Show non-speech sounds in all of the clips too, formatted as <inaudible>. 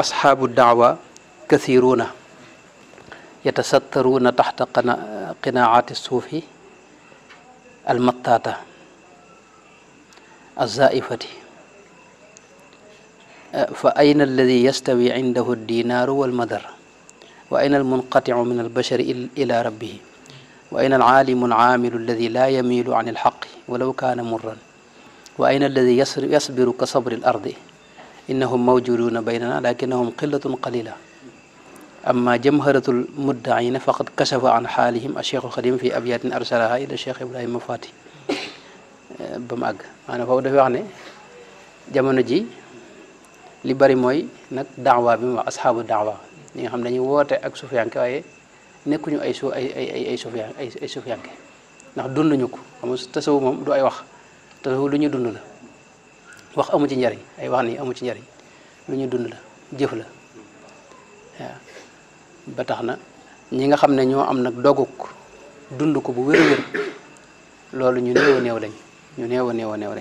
أصحاب الدعوة كثيرون يتسترون تحت قناعات الصوفي المطاطة الزائفة فأين الذي يستوي عنده الدينار والمدر وأين المنقطع من البشر إلى ربه وأين العالم العامل الذي لا يميل عن الحق ولو كان مرا وأين الذي يصبر كصبر الأرض إنهم موجودون بيننا لكنهم قلة قليلة أما جمهرة المدعين فقد كشف عن حالهم الشيخ الخليم في أبيات أرسلها إلى الشيخ إبراهيم مفاتي أه، بمأج أنا فأود يعني جمعنا جي لبري موي نك دعوة بما أصحاب الدعوة ni nga xam dañuy woote ak sufyanke waaye nekkuñu ay su ay ay ay ay sufyan ay ay sufyanke ndax dunduñu ko xam nga tasawu moom du ay wax tasawu lu ñu dund la wax amu ci njariñ ay wax ni amu ci njariñ lu ñu dund la jëf la waaw ba tax na ñi nga xam ne ñoo am nag doguk dund ko bu wér-wér loolu ñu néew new néew ñu néew a néew a néew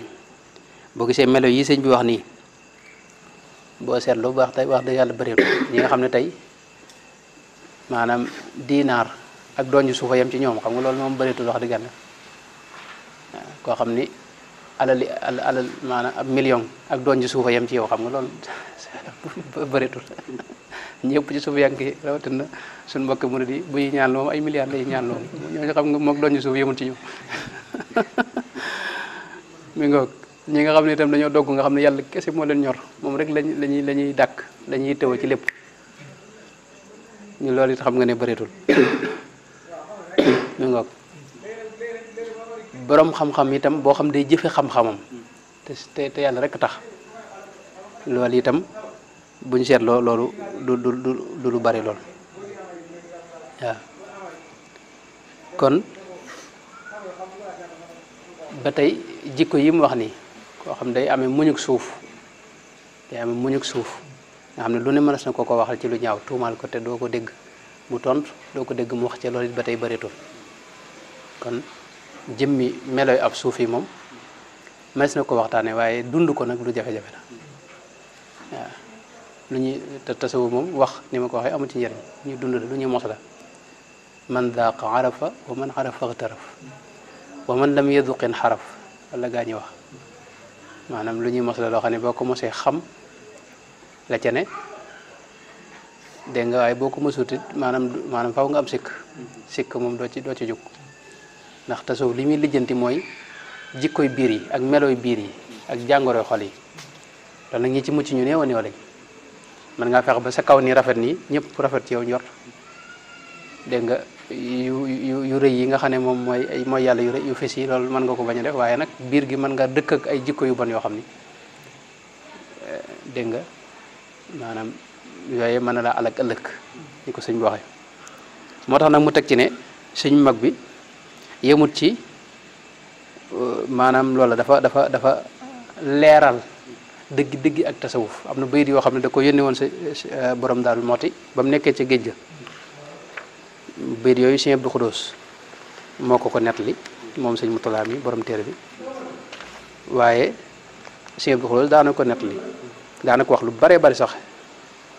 boo gisee melo yi sëñ bi wax nii boo seetloo baax tey wax da yàlla bëreetu ñi nga xam ne tey maanaam diinaar ak doon ju suufa yam ci ñoom xam nga loolu moom bëreetul wax dëgg yàlla waaw koo xam ni alal alal maanaam ab million ak doon ci suufa yam ci yow xam nga loolu <laughs> bëreetul <laughs> ñepp ci suuf yank ngi na sun mbokk mu di bu ñaan lo ay milliards lay ñaan lo ñoo xam nga mok doon ci suuf ci ñu <laughs> mi nga ñi nga xam tam dañoo dogg nga xam yalla kesse mo leen ñor mom rek lañ lañuy ci lepp ñu loolu xam nga ne <coughs> mi nga boroom xam-xam itam boo xam day jëfe xam-xamam te te yàlla rek tax loolu itam buñ seetloo loolu du lu bari lool waaw kon ba tey jikko yi mu wax nii koo xam day amee muñuk suuf day amee muñuk suuf nga xam ne lu ne mënees na ko ko waxal ci lu ñaaw tuumaal ko te doo ko dégg mu tont doo ko dégg mu wax ca loolu it ba tey bëreetul kon jëmmi melow ab suuf yi moom mas na ko waxtaane waaye dund ko nag lu jafe-jafe la lu ñuy te tasawu moom wax ni ma ko waxee amu ci njëriñ ñu dund la lu ñuy mos la man daaq arafa wa man arafa xtaraf wa man lam yaduqin xaraf wala gaa ñi wax maanaam lu ñuy mos loo xam ne boo ko mosee xam la ca ne dégg nga waaye boo ko mosutit maanaam maanaam faw nga am sikk sikk moom doo ci doo ci ndax tasawuf li muy lijjanti mooy jikkoy biir ak meloy biri ak jangoro xol yi loolu nag ci mucc ñu neewani wala man nga fex ba sa kaw ni rafet ni ñëpp rafet ci yow ñor de nga yu yu yu yi nga xane mom moy ay moy yalla yu rëy yu fessi lol man nga ko bañ def waye nak biir gi man nga dekk ak ay jikko yu ban yo xamni eh, de nga manam yoyé man la alak ëlëk ni ko sëñ bi waxee moo mu tek ci ne señ mag bi yëmut ci euh, maanaam loola dafa dafa dafa leeral dëgg dëgg ak tasawuf am na bayit yoo xam ne da ko yónni woon sa euh, borom daal mooti ba mu nekkee ca géej ga bayit yooyu sëñ Abdou Khoudous moo ko ko nettali moom sëñ Muttalaa mi borom téere bi waaye sëñ Abdou Khoudous daana ko nettali daana ko wax lu bare bari sax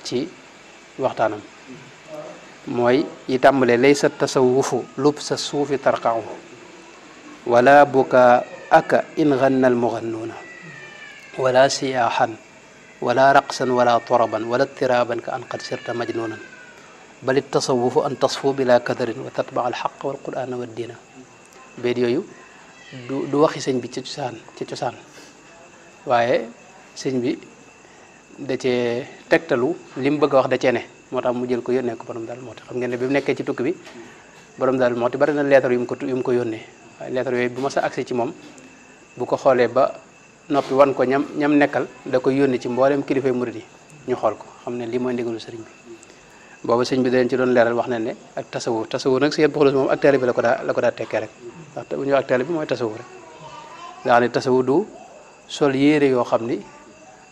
ci waxtaanam mooy yi tàmbale laysa tasawufu lub sa suufi tarqahu wala buka aka in ganna almugannuuna wala siyaaxan wala raqsan wala toraban wala tiraban ka an qad majnuunan bal tasawufu an tasfu bila kadarin wa tatbaa alxaq walqurana wa diina béet yooyu du du waxi bi ci ci cosaan waaye sëñ bi da cee tegtalu li mu bëgg a wax da cee moo tax mu jël ko yónnee ko borom daal moo tax xam ngeen ne bi moo tax bari na leetar yu mu ko yu mu ko yónnee waaye leetar yooyu bu ma bu ko xoolee ba noppi wan ko ñam ñam nekkal da koy yónnee ci mbooleem kilifa kilifay murid yi ñu xool ko xam ne lii mooy ndigalu sëriñ bi booba sëñ bi dañ ci doon leeral wax ne ne ak tasawu tasawu nag sëñ Abdou Khoudoss moom ak taalibe bi la ko daa ko daa tekkee rek ndax bu ñëw ak taalibe bi mooy tasawu rek daa ne tasawu du sol yére yoo xam ni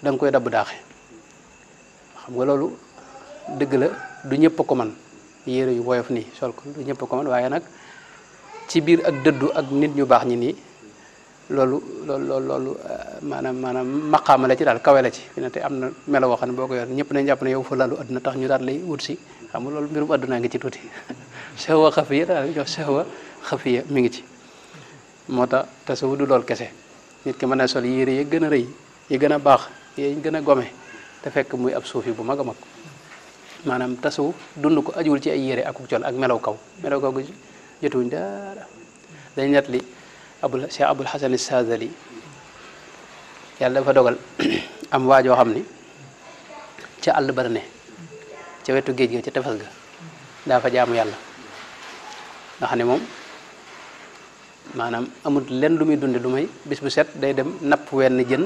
da koy dabb daaxe xam nga loolu dëgg la du ñëpp ko man yére yu woyof nii sol ko du ñëpp ko man waaye nag ci biir ak dëddu ak nit ñu baax ñi nii loolu loolu loolu loolu eh, maanaam maanaam maqaama la ci daal kawe la ci fi ne te am na melo woo xam ne boo ko yor ñëpp nañ jàpp ne yow fu lalu adduna tax ñu daal lay wut si xam loolu mbirum adduna ngi ci tuuti <laughs> sehwa xafiya daal jox sehwa xafiya mi ngi ci moo tax tasawu du loolu kese nit ki mën na sol yére yi gën a rëy yi gën a baax yi gën a gome te fekk muy ab suufi bu mag a mag maanaam tasawuf dund ko ajuwul ci ay yére ak col ak melaw kaw melaw kaw gi jotuwuñ dara dañ net li abul cheikh abul xasan saazali yàlla dafa dogal <clears throat> am waajoo xam ni ca àll ba ne ca wetu géej ga ca tefes ga daa fa jaamu yàlla nga xam ne moom maanaam amul lenn lu muy dunde lu may bis bu set day dem napp wenn jën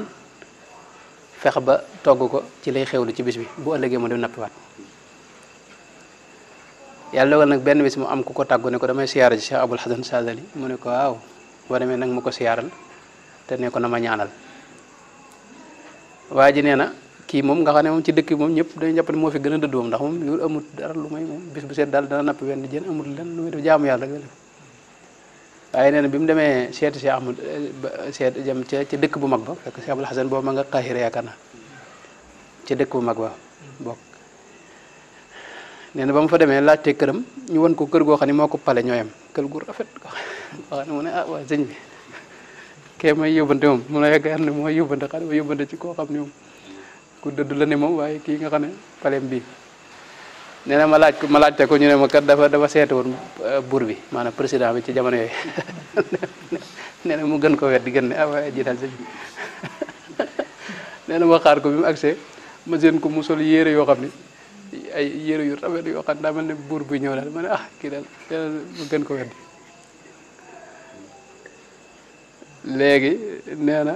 fexe ba togg ko ci lay xewlu ci bis bi bu ëllëgee mu dem nappiwaat yalla dogal nag benn bis mu am ku ko tàggu ne ko damay siyar ci Cheikh Abul Hasan Sadali mu ne ko waaw boo me nak ma ko siyaaral te ne ko na ma ñaanal waji neena ki mom nga xane mom ci dekk mom moom dañu jàpp fi gëna a dëdd moom ndax mom yu amul dara lu may mom bis bu set dal dana napp wenn jeen amul lenn lu muy def jaamu yalla gëna waye neena bimu bi cheikh cheikh ahmed Cheikh jëm ca bu mag ba fekk Cheikh Abul Hasan bo ma nga Qahira yakana ci dekk bu mag ba bok nee na ba mu fa demee laajte këram ñu won ko kër goo xam ne moo ko pale ñooyam kër gu rafet ko wax ne mu ne ah waa sëñ bi kee may yóbbante moom mu la yaakaar ne mooy yóbbante xam ne ma yóbbante ci koo xam ne moom ku dëdd la ne moom waaye kii nga xam ne bi bii nee na ma laaj ko ma laajte ko ñu ne ma kat dafa dafa seete woon euh, bur bi maanaam président bi ci jamono yooyu <laughs> nee na mu gën ko wet di gën ne ah waaye ji daal sëñ bi <laughs> nee na ma xaar ko bi mu agsee ma seen ko mu sol yére yoo xam ne ay yére yu rafet yoo xam daa mel ne buur bi ñëw la ma ne ah kii daal daal ma gën léegi nee na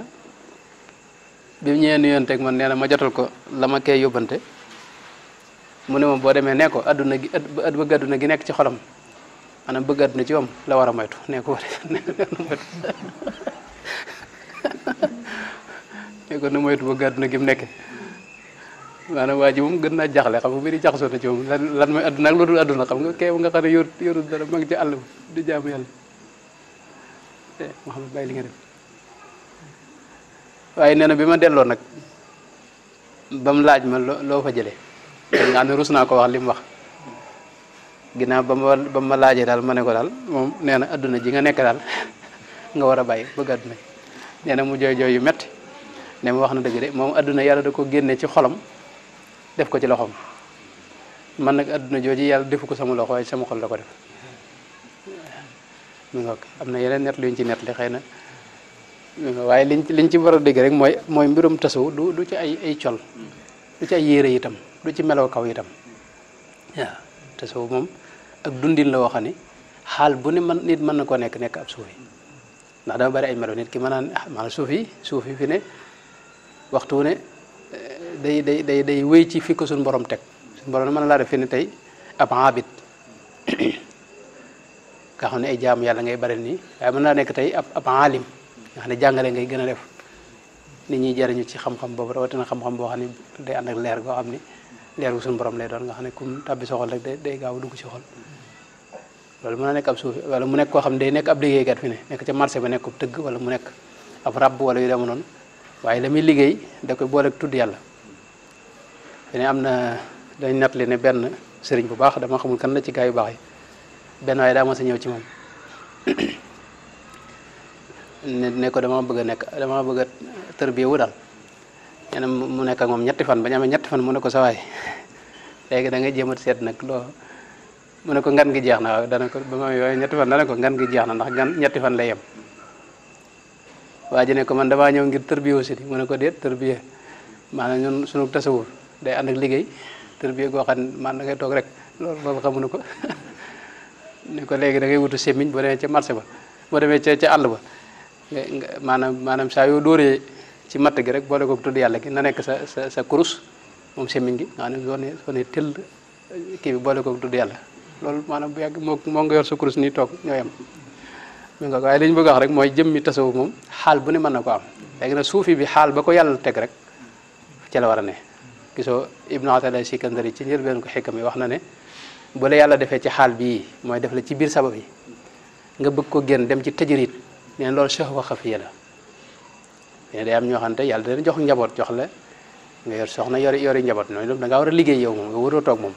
bi mu ñëwee teg man nee na ma jotal ko la ma yóbbante mu ne ma boo demee nekkoo ko adduna gi nekk ci xolam maanaam bëgg adduna ci moom la war a moytu nee ko nee ko na moytu bëgg adduna gi mu nana waji ji moom gën naa jaxle xam nga mbiri jaxasoo na ci moom lan lan mooy aduna ak lu dul aduna xam nga kew nga xam yor yor dara mag ci Allah di jaamu Yalla eh Muhammad bay li nga def waaye nena na delo nak bam laaj ma lo fa jëlé nga xam ne rus ko wax lim wax gina bam bam ma laajee dal ma ko dal mom nena aduna ji nga nek dal <laughs> nga wara bay bëgg nena mu joy joy yu metti ne ma wax de mom aduna yalla da ko ci xolam def ko ci loxoom man nag adduna jooju yàlla defu ko sama loxo waaye sama xol la ko def mu ngoog am na yeneen net luñ ci net li xëy na waaye liñ liñ ci war dégg rek mooy mooy mbirum tasaw du ci ay ay col du ci ay yére yitam du ci meloo kaw itam waaw moom ak dundin la waxani xaal bu ne man nit mën na koo nekk nekk ab suufi ndax dama bari ay melo nit ki mën naan ah, maanaam suufi suufi fi ne waxtu ne day day day day wéy ci fi ko borom teg suñu borom mën na laa def fi ni tey ab abid nga xam ne ay jaamu yàlla ngay bare nii mën naa nekk tey ab ab alim nga ne jàngale ngay gën a def nit ñi jariñu ci xam-xam boobu rawatina xam-xam boo xam ne day ànd leer goo xam ne leer bu suñu borom lay doon nga xam ne kum tàbbi sa xol rek day day gaaw dugg ci xol loolu mën na nekk ab suuf wala mu nekk koo xam ne day nekk ab liggéey fi ne nekk ci marché ba nekk tëgg wala mu nekk ab rab wala yu dema noonu waaye la muy liggéey da koy boole ak tudd yàlla dañ amna dañ natlé né ben sëriñ bu baax dama xamul kan la ci gaay yu baax yi benn ma sa ñëw ci mom <coughs> ne né ko dama bëgg nek dama bëgg a tërbiyewu daal nee mu nek ak mom ñetti fan ba amee ñetti fan mu ne ko sa way légui <laughs> da nga jéem a seet nag mu ne ko ngan gi jeex na da na ko ba ma ñetti fan na ko ngan gi jeex na ndax ngan ñetti fan lay yem waa ne ko man dama ñëw ngir tërbiyewu si mu ne ko dé tërbiye maanaam ñun suñu tasawur day and ak liggéey tërbiya go xam man da ngay tok rek loolu loolu xamunu ko <laughs> ni ko legui da ngay wutu semign bo demee ci marché ba bo demee ci ci àll ba manam manam sa yo yoo ci matte gi rek bo lako tudd yalla gi na nek sa sa sa kurus moom semiñ gi nga xam ne zone ne soo ne tëll kii bi boole ko tudd yàlla loolu maanaam bu yag mo moo nga yor sa kurus ni tok ñoo yem mi nga waaye li ñu bëgg wax rek mooy jëmmi tassaw mom xal bu ne man nako am legui na soufi bi xal bako yalla tek rek ci la wara a ne gisoo Ibnu Atalay Sikandari ci njëlbeen ko xikam yi wax na ne bu la yàlla defee ci xaal bii mooy def la ci biir sabab yi nga bëgg ko génn dem ci tëjërit neen loolu shahwa xafiya la mais day am ñoo xamante yàlla da jox njaboot jox la nga yor soxna yori yori njaboot noonu da ngaa war a liggéey yaw moom nga waroo toog moom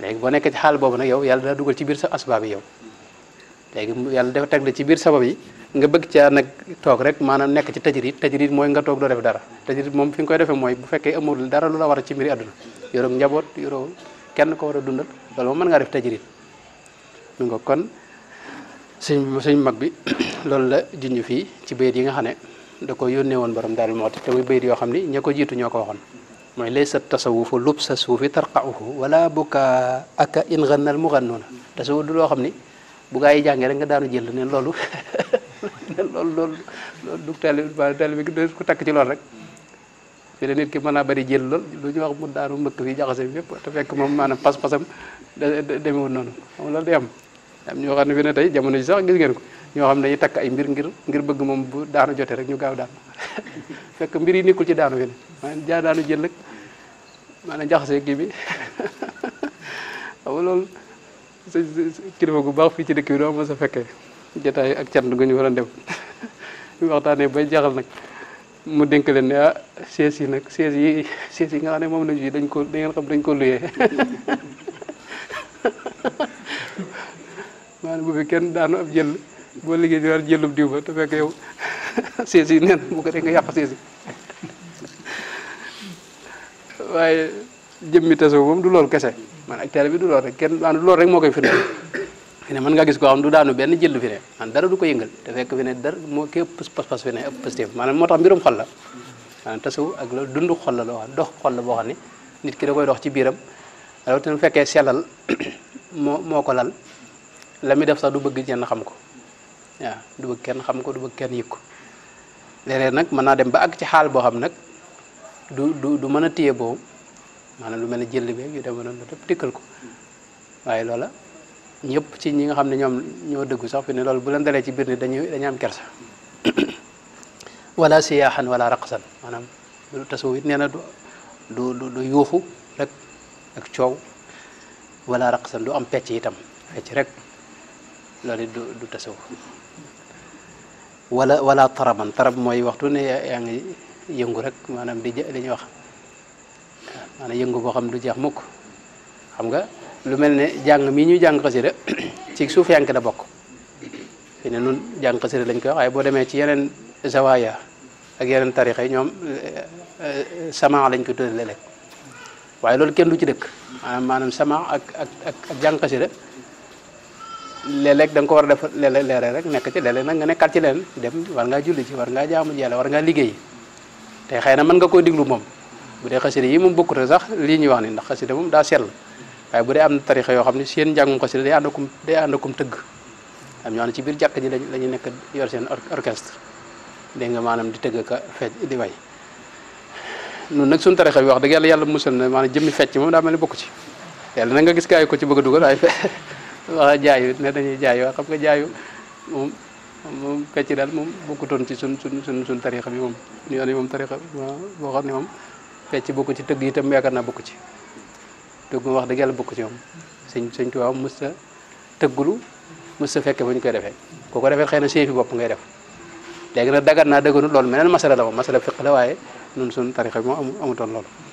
léegi boo nekk ci xaal boobu nag yow yàlla daa dugal ci biir sa asbaab yi yow léegi yàlla dafa teg la ci biir sabab yi nga bëgg ci nak tok rek manam nek ci tajrit tajrit moy nga tok do def dara tajrit mom fi nga koy defee mooy bu fekkee amul dara lu la war ci mbiri aduna yoro njabot yoro kenn ko wara dundal loolu moom man nga def tajrit mi nga kon señ señ mag bi <coughs> loolu la junj fi ci beet yi nga xane ne da ko yónnee won borom dal mot te muy beet yo xamni ñako jitu ñoko waxon moy laysa tasawufu lubsa sufi tarqauhu wala buka aka in ghanna al mughannuna tasawu loo xam ni bu gaa yi jàngee rek nga daanu jël ne loolu <laughs> loolu loolu loolu dug taali ba taali bi do ko takk ci lool rek fi la nit ki mën naa bëri jël lool lu ñu wax mu daanu mëkk fi jaxase bi yëpp te fekk moom maanaam pas-pasam demeewul noonu xam loolu day am am ñoo xam ne fi ne tey jamono ji sax gis ngeen ko ñoo xam ne dañuy takk ay mbir ngir ngir bëgg moom bu daanu jotee rek ñu gaaw daanu <laughs> fekk mbir yi nekkul ci daanu fi ne maanaam daanu jël rek maanaam jaxase kii bi <laughs> xam nga loolu kilifa gu baax fii ci dëkk bi doo ma sa fekkee jotaay ak cant gu ñu war a dem <laughs> waxtane bay jaxal nak mu denk len ne ah sees yi nag sees yi sees yi nga xam ne moom la ji dañ ko dañ ngeen xam dañ ko luyé <laughs> man bu fi kenn daanu ab jël bo liggéey di war jëlub diw ba te fekk yow sees <laughs> yi nee bu ko dee nga yàq sees yi waaye jëmmi tassu mom du lol kessé man ak taalibe bi du lol rek kenn daanu lol rek mo koy firndeel fi ne mën nga gis koo xam du daanu benn jël fi ne man dara du ko yëngal te fekk fi ne dara moo képp pas-pas fi ne ëpp positif maanaam moo tax mbirum xol la maanaam ak loolu dund xol la loo xam dox la boo xam ne nit ki da koy dox ci biiram rawatina fekkee sellal <clears throat> moo ko lal la muy def sax du bëgg kenn xam ko du kenn xam ko du kenn yëg ko nag mën naa dem ba ak ci xaal boo xam nag du du du mën a téye boobu maanaa lu mel ne jël bi yu demoon noonu lépp dikkal ko waaye loola ñëpp ci ñi nga xamne ñom ñoo dëggu sax fi ne lool bu leen dalé ci biir ni dañuy am kersa wala siyahan wala raqsan manam du tasawu it na du du du yuxu rek ak ciow wala raqsan du am pecc itam fecc rek lool du du tasawu wala wala taraban tarab moy waxtu ne yang nga yëngu rek manam di li wax manam yëngu bo xam du jeex mukk xam nga lu mel ne jàng mii ñuy jàng xasida <clears throat> ci suuf yank da bokk fi ne nun jàng xasida lañ koy wax waaye boo demee ci yeneen zawaya ak yeneen tarixa yi ñoom eh, eh, sama lañ ko tuddee léeg-léeg loolu kenn du ci dëkk maanaam maanaam sama ak ak ak jàng xasida léeg-léeg da ko war a def léeg-léeg rek nekk ci léeg-léeg nag nga nekkaat ci leen dem war ngaa julli ci war ngaa jaamu yàlla war ngaa liggéey te xëy na mën nga koo diglu moom bu dee xasida yi moom bokkute sax lii ñuy wax ni ndax xasida moom daa sell waaye bu dee am na tarixa yoo xam ne seen njàngum xasida day ànd akum day ànd akum tëgg am ñoo ci biir jàkk ji la ñu nekk yor seen orchestre dégg nga maanaam di tëgg ka fecc di way nun nag suñu tarixa bi wax dëgg yàlla yàlla musal na maanaam jëmmi fecc moom daa mel ni bokk ci yàlla na nga gis gars ko ci bëgg a dugal waaye <laughs> wax jaayu ne dañuy jaayu xam nga jaayu moom moom fecc daal moom bokkutoon ci sun sun sun sun tarixa bi moom yoon yi moom tarixa boo xam ne moom fecc bokku ci tëgg itam yaakaar naa bokku ci dëgg wax dëgg yàlla bokk ci moom sëñ sëñ Tuubaa mës sa tëggulu mës sa fekke ba ñu koy defee koo ko defee xëy na séefi bopp ngay def léegi nag dagat naa dëgganut loolu meneen masala la moom masala la waaye ñun suñu tarixa bi moom amutoon loolu